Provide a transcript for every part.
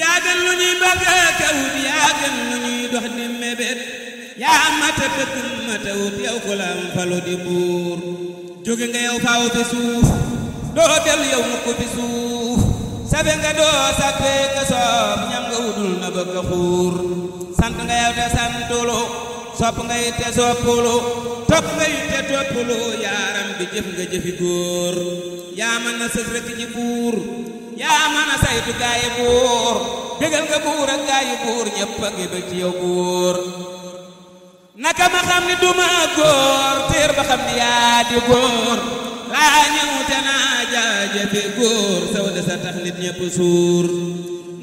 yaa gën lu ñuy bëgg ka wut lu ñuy dox di mébét yaa mata wut yow ku la am falu di buur jóge nga yow faaw fi suuf doo dellu yow mukk fi suuf sabe nga doo sabe ka soof ñam nga wutul na bëgg a xuur sant nga yow te santulu sopp nga yitte soppulu topp nga yitte toppulu yaaram bi jëf nga jëfi góor yaa na sës rek ci yaa mën a saytu gaayi buur bégal nga buur ak gaayi buur ñëpp a ngi buur naka ma xam ni duma góor téer ba ni yaa di góor laa ñëw te naa jaajëfe góor saw de sa tax nit ñëpp suur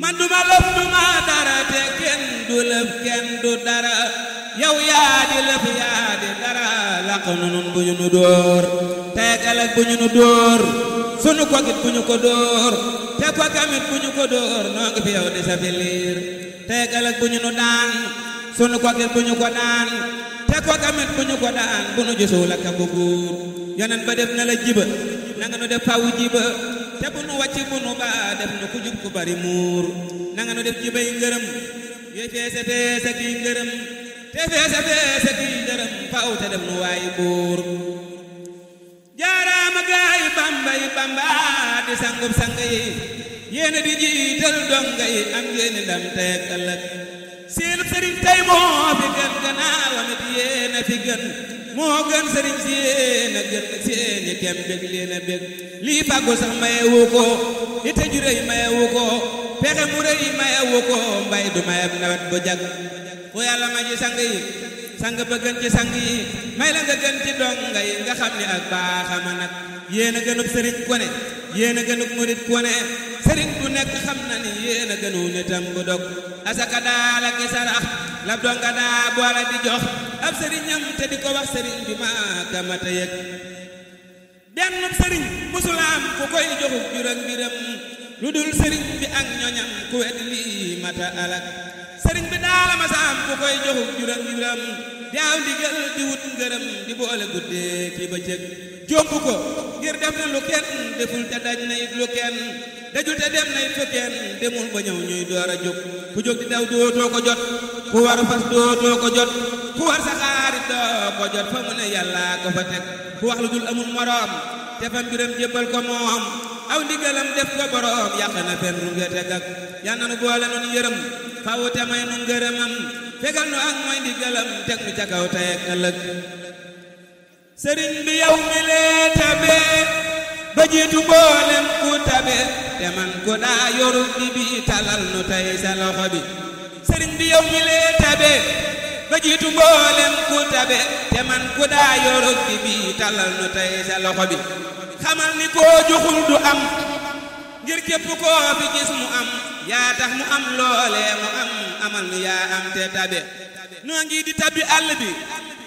man duma lëf duma dara te kenn du lëf dara yow yaa di lëf yaa di dara làq nu nun bu nu dóor teegal ak bu nu dóor sunu kogit bu ñu ko dóor te kogamit bu ñu ko dóor noo ngi fi yow di sabilir tey galak bu ñu nu daan sunu kogit bu ñu ko daan te kogamit bu ñu ko daan bu nu jusuul ak bu guur yonen ba def na la jiba na nga nu def fawu jiba te bu nu wàcc bu nu baa def nu ku jub ku bari muur na nga nu def jibay ngërëm yooyu feese feese kii ngërëm te feese feese kii ngërëm faw te def nu waayi buur jaaraama gaayu bamba yi bamba di sangub sang yi yéena di jiital donga yi am yéeni ndam tey ak ëllëg seenub tey moo fi gën gannaawam it yéena fi gën moo gën sëriñ si gën seeni kem bég leena bég lii fàggu sax mayewu ko ite juréy mayewu ko pexe mu rëy mayewu ko mbay du mayeb nawet bu jag ku ji sang yi sang ba ci sang yi may la nga gën ci donga yi nga xam ni ak baaxama nag yéen a gënub sëriñ ku ne yéen a gënub murit sëriñ bu nekk xam na ni yéen a gënu nitam bu dog asaka daal ak sarax la donga daa boole di jox ab sëriñam te di ko wax sëriñ bi maaka mata yëg benn sëriñ musulaam ku koy joxub juróom mbiram lu dul sëriñ bi ak ñoñam ku wet lii mata alak la ma saam ku koy joxub juram juram di aw ndigal di wut ngërëm di boole guddee ki bëccëg jomb ko ngir def na lu deful te daj na it dajul te dem na it demul ba ñuy door a jóg ku jóg di daw dootoo ko jot ku war fas dootoo ko jot ku war saxaarit doo ko jot fa mu ne yàllaa ko fa teg ku wax lu dul amul moroom te fam juram jébbal ko moom aw ndigalam def ko boroom yàq na benn rungete gag yal na nu boole noonu yërëm faw te may nu ngërëmam fegal nu ak mooy ndigalam teg nu ca kaw tey ak ëllëg sëriñ bi yow mi lee tabe ba jiitu mboolem ku tabe te man ko daa yorub di bi talal nu tey sa loxo bi sëriñ bi yow mi lee tabe ba jiitu ku tabe te man ku daa yorub di bi talal nu tey sa loxo bi xamal ni koo joxul du am ngir képp koo fi gis mu am yaa tax mu am loolee mu am amal nu yaa am te tabe noo ngi di tabi àll bi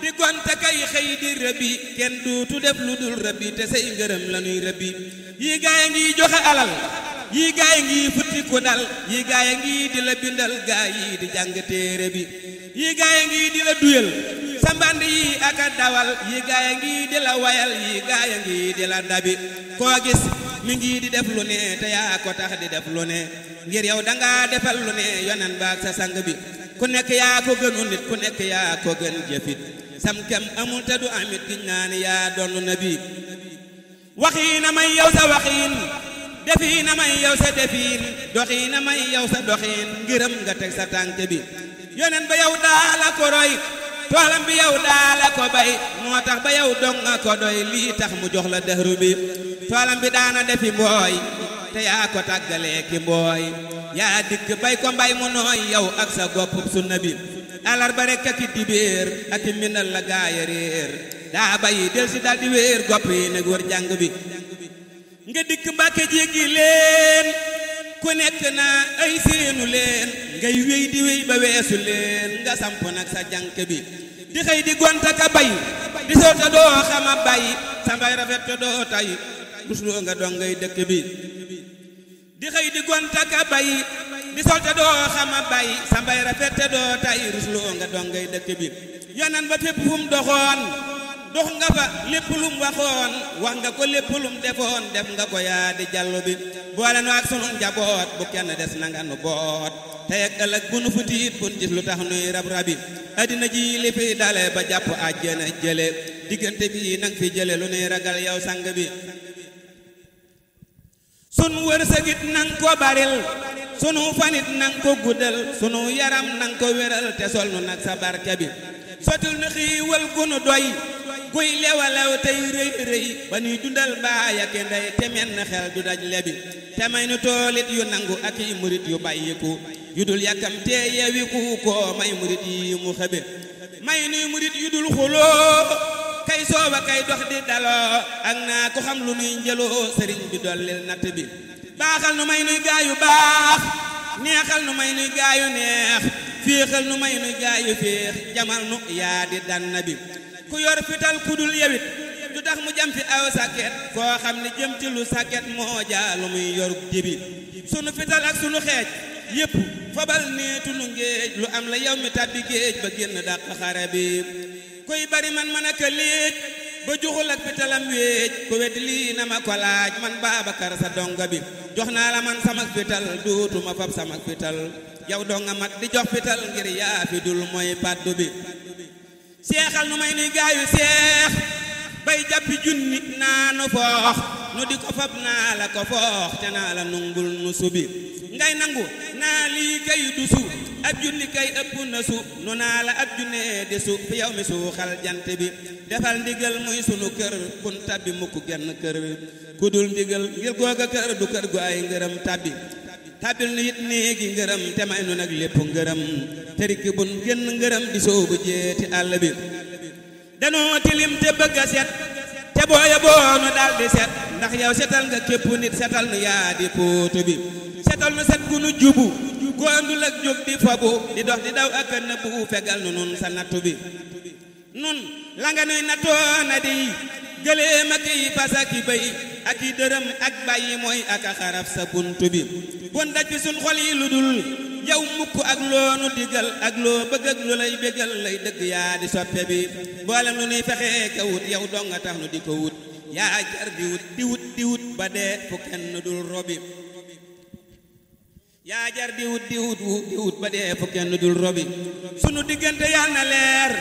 di gonte kay xëy di rëbbi kenn duutu def lu dul rëbbi te say ngërëm la nuy rëbbi yii gaay ngi joxe alal yii gaay ngi futti ku dal yii gaay ngi di la bindal gaay yi di jàng téere bi yii gaay ngi di la duyal sa mband yi aka dawal yii gaay ngi di la wayal yii gaay ngi di la dabi koo gis mi ngi di def lu ne te yaa ko tax di def lu ne ngir yow danga defal lu ne yonen baak sa sang bi ku nekk yaa ko gënu nit ku nekk yaa ko gën jëfit sam kem amul te du amit giñ naa ni yaa doon nabi waxiina may yow sa waxiin defiina may yow sa defiin doxiina may yow sa doxiin ngirëm nga teg sa tànk bi yonen ba yow daala ko roy toolam bi yow daala ko bay moo tax ba yow dong ko doy lii tax mu jox la dëhru bi toolam bi daana defi mbooy te yaa ko tàggalee ki mbooy yaa dikk bay ko mbay mu nooy yow ak sa gopp sunna bi alarba rek ak i dibéer ak i minal la gaaya réer daa bayi del si dal di wéer gopp yi nag wër jàng bi nga dikk mbàkke jéggi leen ku nekk naa ay séenu leen ngay wéy di wéy ba weesu leen nga samp nag sa jànk bi di xëy di gont ak a bay di soo ta doo xama bay sa mbay rafet ta doo tay rusloo nga dongay dëkk bi di xëy di a bay di solte doo xama bay sa mbay rafet te doo tay rusloo nga dongay dëkk bi yonan ba fépp fu doxoon dox nga fa lépp lum waxoon wax nga ko lépp lum defoon def nga ko yaa di jàllu bi boole nu ak sunu njaboot bu kenn des na nga nu boot tey ak ëllëg bu nu futiit bu nu gis lu tax nuy rab rabi addina ji li dale ba jàpp àjjana jële diggante bi nang fi jële lu nuy ragal yow sang bi sunu wërsëgit nang ko baril sunu fanit nang ko guddal sunu yaram nang ko wéral te sol nu nag sa barke bi sotul nu xiiwal gu nu doy guy lewalaw tey rëy rëy ba nuy dundal baay ak ndey te menn xel du daj lebi te may nu toolit yu nangu ak i murit yu bàyyiku yu dul yàkkam te yewiku ko may murit yi mu xëbe may nuy murit yu dul xuloo kay sooba kay dox di daloo ak naa ko xam lu nuy njëloo sëriñ bi dollil natt bi baaxal nu may nuy gaayu baax neexal nu may nuy gaayu neex féexal nu may nuy gaayu féex jamal nu yaa di dann bi ku yor fital kudul yewit du tax mu jam fi aw saket koo xam ne jëm ci lu saket moo jaa lu muy yor jibi sunu fital ak sunu xeej yépp fabal neetu nu ngéej lu am la yow mi tàbbi géej ba génn dàq xare koy bari man man aka léej ba juxul ak pitalam wéej ku wedd lii na ma ko laaj man Babacar sa donga bi jox naa la man sama pital duutuma fab sama pital yow donga mat di jox pital ngir yaa fi paddu bi seexal nu may nuy gaayu seex bay jàppi junni naa nu foox nu di ko fab naa la ko foox te naa la nungul nu subi ngay nangu naa lii kay du su ab junni kay ëpp na su nu naa la ab junnee di su fi yow mi suuxal jant bi defal ndigal muy sunu kër kun tabbi mukk genn kër bi ku dul ndigal ngir googa kër du kër gu ay ngërëm tabbi tabbil nu it néegi ngërëm te may nu nag lépp ngërëm tëriki bun génn ngërëm di soobu jeeti àll bi danoo tilim te bëgg a set te booya boonu daldi set ndax yow setal nga képp nit setal nu yaa di póotu bi setal nu set gu nu jubu ku àndul ak jóg di fabu di dox di daw ak a nëbbu fegal nu nun sa nattu bi nun la nga nuy nattoo na di gëléem ak i fas ak i bëy ak i dërëm ak bàyyi mooy ak a sa bunt bi kon daj bi suñ xol yi lu dul yow mukk ak loo nu digal ak loo bëgg ak lu lay bégal lay dëgg yaa di soppe bi boolem lu nuy fexee ka wut yow dong nga tax nu di ko wut yaa jar di wut di wut di wut ba dee fu kenn dul robi yaa jar di wut di di wut ba dee fu kenn dul robi sunu diggante yàlla na leer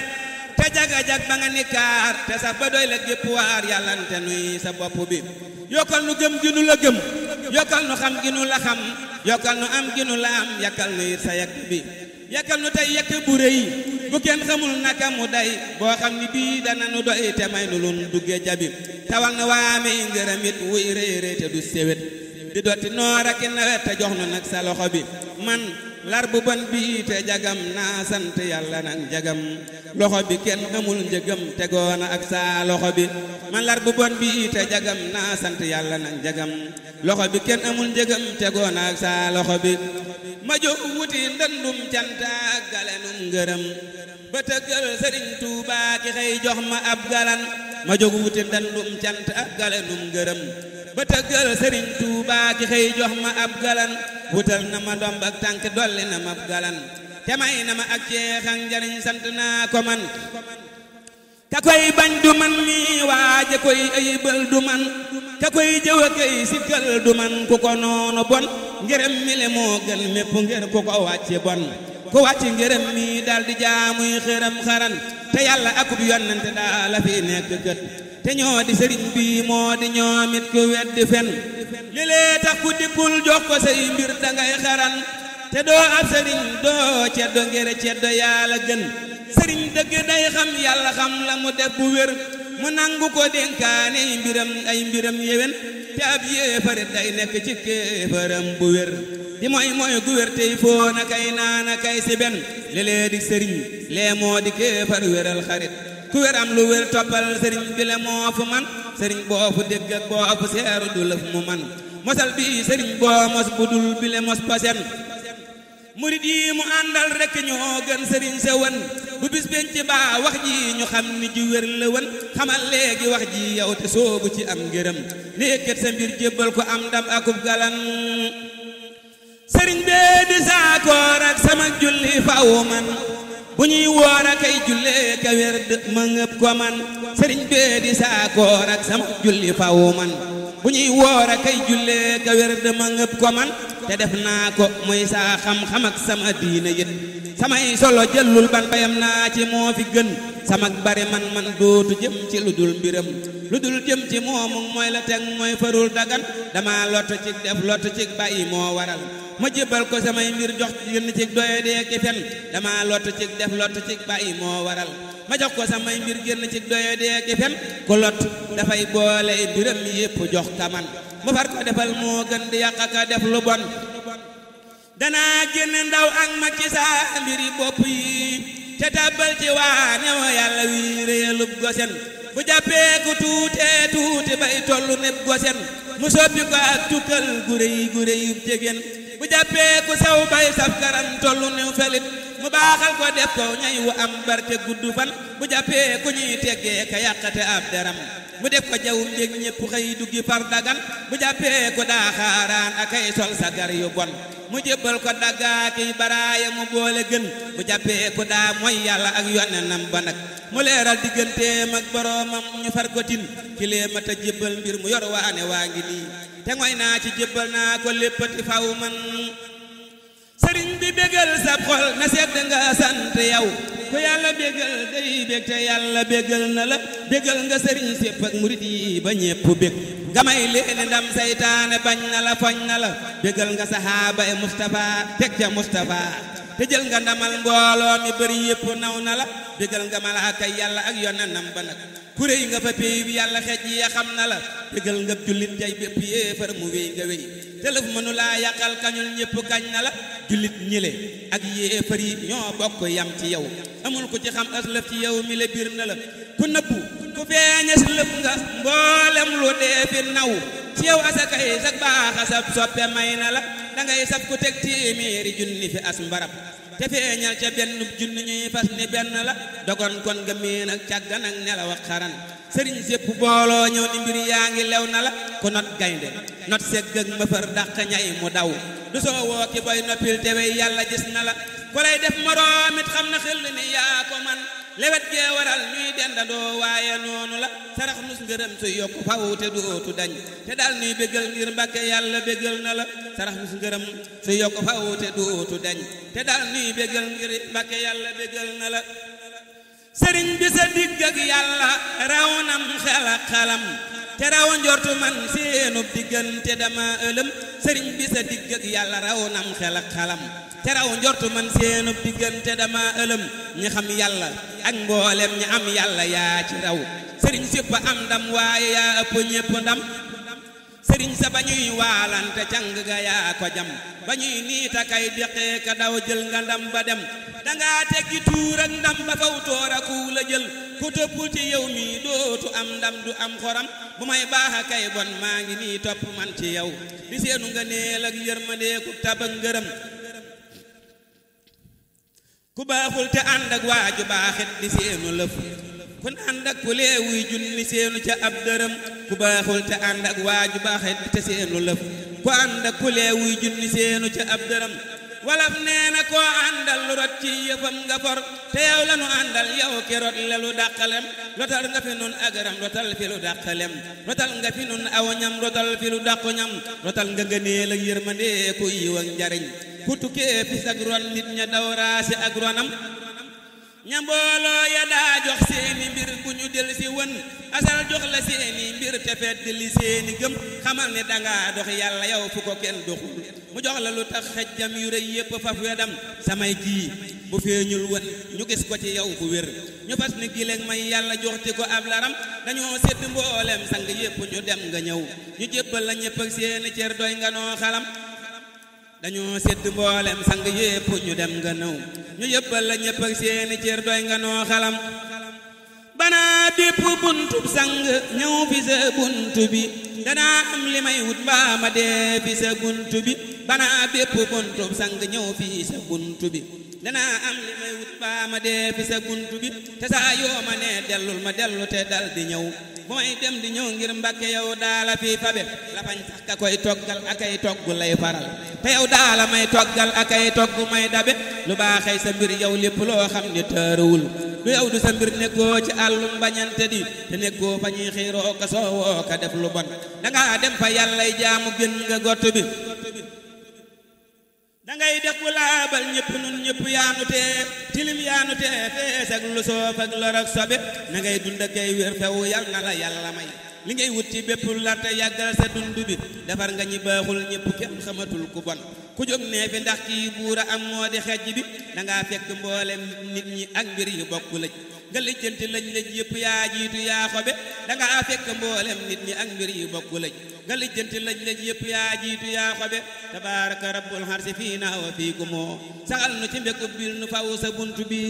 te jaga jag ba nga nikaar te sax ba doy la gépp waar yàllante nuy sa bopp bi yokkal nu gëm gi nu la gëm yokkal nu xam gi nu la xam yokkal nu am gi nu la am yakkal nu sa yàq bi yakkal nu tey yàq bu rëy bu kenn xamul naka mu day boo xam ni bii dana nu doy te may nu lun dugge jabi tawal na waame i ngërëm wuy rëy rëy te du sewet di dotti noor ak nawet te jox nu nag sa loxo bi man lar bu ban bii te jagam naa sant yàlla nag jagam loxo bi kenn amul njëgam tegoona ak sa loxo bi man lar bu bon bii te jagam naa sant yàlla nag jagam loxo bi kenn amul njëgam tegoona ak sa loxo bi ma jóg wuti ndëndum cant ak galenum ngërëm ba tëggal sëriñ Tuubaa ki jox ma ab galan ma jóg wuti ndëndum cant ak galenum ngërëm ba tëggal sëriñ Tuubaa ki xëy jox ma ab galan wutal na ma domb ak tànk dolli na ma ab te may na ma ak ceexan njariñ sant ko man ka koy bañ du man mi waaje koy ayibal du man ka koy jëw a koy sikkal du man ku ko noonu bon ngërëm mi moo gën mépp ngir ku ko wàcce bon ku wàcc ngërëm mi dal jaamuy xërëm xaran te yàlla akub yonante daa la fi nekk te ñoo di sëriñ bii moo di ñoomit ku weddi fen li lee tax ku dikkul jox ko say mbir dangay xaran te doo ab sëriñ doo ceddo ngir ceddo yàlla gën sëriñ dëgg day xam yàlla xam la mu def bu wér mu nangu ko dénkaane ay mbiram ay mbiram yewen te ab yéefare day nekk ci kéefaram bu wér di mooy mooy gu wér tey foo kay naana kay si benn li di sëriñ lee moo di kéefar wéral xarit ku wér am lu wér toppal sëriñ bi la moo fu man sëriñ boo fu dégg ak boo fu seeru du lëf mu man mosal bi sëriñ boo mos bu dul bi la mos pasem yi mu àndal rekk ñoo gën sëriñ sa wan bu bis benc baa wax ji ñu xam ni ji wér la wan xamal léegi wax ji yow te soobu ci am ngërëm léekat sa mbir jébbal ko am ndam akub galan sëriñ bee di saakoor ak sama julli faw man bu ñuy woor ak julli ka werd ma ko man sëriñ bee di saakoor ak sama julli fawu man bu ñuy woor kay jullee ka werd ma ko man te def naa ko muy saa xam-xam ak sama diina yët samay solo jëllul ban bayam naa ci moo fi gën samak bare man man dootu jëm ci lu dul mbiram lu dul jëm ci moomu mooy la teg mooy farul dagan dama lottu ci def lottu ci bàyyi moo waral ma jébbal ko samay mbir jox yenn ci doye dee ki fen dama lottu ci def lottu ci bàyyi moo waral ma jox ko samay mbir génn ci doyo deeki fen ku lot dafay boole mbiram yépp jox kaman mu far ko defal moo gën di yàq ka def lu bon danaa génn ndaw ak mag ci saa mbiri bopp yi te tàbbal ci waa new yàlla wii réyalub gosen bu jàppee ku tuutee tuuti bay tollu nepp gosen mu soppi ko ak tukkal gure yi yi jegen bu jàppee ku saw bay saf karam tollu new felit mu baaxal ko def ko ñay wu am barte gudd fan bu jàppee ku ñuy teggee ka yàqate ab deram mu def ko jaw njëg ñépp xëy duggi par dagan bu jàppee ku daaxaaraan akay sol sagar yu bon mu jébbal ko daggaaki baraaya mu boole gën bu jàppee ku daa mooy yàlla ak yonenam ba nag mu leeral digganteem ak boroomam ñu far ko tin kileema te jébbal mbir mu yor waane waa ngi nii te ngoy naa ci jébbal naa ko léppati faw man sëriñ bi bégal sa xol na sedd nga sant yow ku yàlla bégal day bég te yàlla bégal na la bégal nga sëriñ sépp ak murit yi ba ñépp bég nga may leen ndam seytaane bañ na la foñ na la bégal nga saxaaba e Mustafa teg ca Mustafa te jël nga ndamal mbooloo mi bëri yépp naw na la bégal nga malaaka yàlla ak yonenam ba nag ku réy nga fa péey bi yàlla xeej yi xam na la dëggal nga jullit tey bépp yéefar mu wéy nga wéy tëlëf mënu laa yàqal kañul ñépp kañ na la jullit ñile ak yéefar yi ñoo bokk yam ci yow amul ko ci xam aslëf ci yow mi le biir na la ku nëbbu ku feeñes lëf nga mboolem lu dee fi naw ci yow asaka yi sag baax a sab soppe may na la dangay sab ku teg téeméeri junni fi as mbarab te feeñal ca benn junni ñuy fas ni benn la dogon kon nga miin ak nelaw ak xaran sëriñ sépp booloo ñëw ni mbir yaa ngi lew na la ku not gaynde not segg ak mëfër dàq ñay mu daw du soo woo ki boy noppil te wey yàlla gis na la ku lay def moroomit xam na xel ni yaa ko man lewet gee waral ñuy dendandoo waaye noonu la sarax nus ngërëm su yokk faw te du ootu dañ te daal nuy bégal ngir mbàkke yàlla bégal na la sarax nus ngërëm su yokk faw du ootu dañ te daal nuy bégal ngir mbàkke yàlla bégal na la sëriñ bi sa digg ak xela xalam te raw njortu man seenub diggante dama ëlëm sëriñ bi sa digg ak yàlla raw nam xel ak xalam te raw njortu man seenub diggante dama ëlëm ñi xam yàlla ak mboolem ñi am yàlla yaa ci raw sëriñ sippa am ndam waaye yaa ëpp ñépp ndam sëriñ sa ba ñuy waalante càng ga yaa ko jam ba ñuy niita kay deqee ka daw jël nga ndam ba dem danga teggi tuur ndam ba kaw toora ku jël ku tëppul ci yow mi dootu am ndam du am xoram bu may baax a kay bon maa ngi nii topp man ci yow di seenu nga neel ak yërmandeeku tab ak ngërëm ku baaxul te ànd ak waaju di seenu lëf ku ànd ak ku leewuy junni seenu ca ab dërëm ku baaxul te ànd waa waaju baaxit te seenu lëf ku ànd ku leewuy junni seenu ca ab dërëm walaf nee na koo àndal lu rot ci yëfam nga for te la nu àndal yow ki rot la lu rotal nga fi nun agaram rotal fi lu dàqalem rotal nga fi nun aw ñam rotal fi lu dàqu ñam rotal nga ngëneel ak yërmande ku yiw njariñ ku tukkee fis ak ron nit ña daw raasi ronam ña mbooloo ya daa jox seeni mbir bu ñu del si wën asal jox la seeni mbir te fedd li seeni gëm xamal ne dangaa dox yàlla yow fu ko kenn doxul mu jox la lu tax xejjam yu rëy yépp faf wedam samay kii bu feeñul wën ñu gis ko ci yow bu wér ñu fas ni gileeg may yàlla jox joxti ko ab laram dañoo sédd mboolem sang yépp ñu dem nga ñëw ñu jébbal la ñépp seeni cer doy nga noo xalam dañu sedd mboolem sang yépp ñu dem nga nëw ñu yëppal la ñépp seeni cër doy nga noo xalam banaa bépp buntub sang ñëw fi sa bunt danaa am li wut mbaa ma dee fi sa bunt bi banaa bépp buntub sang ñëw fi sa bunt bi danaa am li may wut mbaa ma dee fi sa bunt te saa yoo nee dellul ma dellu te dal di ñëw mooy dem di ñëw ngir mbàkke yow daala fii fabe lafañ sax ka koy toggal akay togg lay faral te yow daala may toggal akay togg may dabe lu baaxee sa mbir yow lépp loo xam ni tëruwul du yow du sa mbir nekkoo ci àllum bañante di te nekkoo fa ñuy xiiroo ka def lu bon dangaa dem fa yàllay jaamu gën nga gott bi dangay def bu laabal ñëpp nun ñëpp yaanu tee tilim yaanu tee fees ak lu soof ak lor ak sobe na ngay dund ak ay wér fewu yal na la yàlla may li ngay wut ci bépp larte yàggal sa dund bi defar nga ñi baaxul ñëpp kenn xamatul ku bon ku jóg nee bi ndax buur buura am moo di xejj bi dangaa fekk mboolem nit ñi ak mbir yi bokk lëj nga lijjanti lëj lëj yëpp yaa jiitu yaa xobe dangaa fekk mboolem nit ñi ak mbir yi bokk lëj nga lijjanti laj laj yëpp yaa jiitu yaa xobe tabaaraka rabbul xarsi fiina wa fiikumoo saxal nu ci mbekku bil nu faw sa bi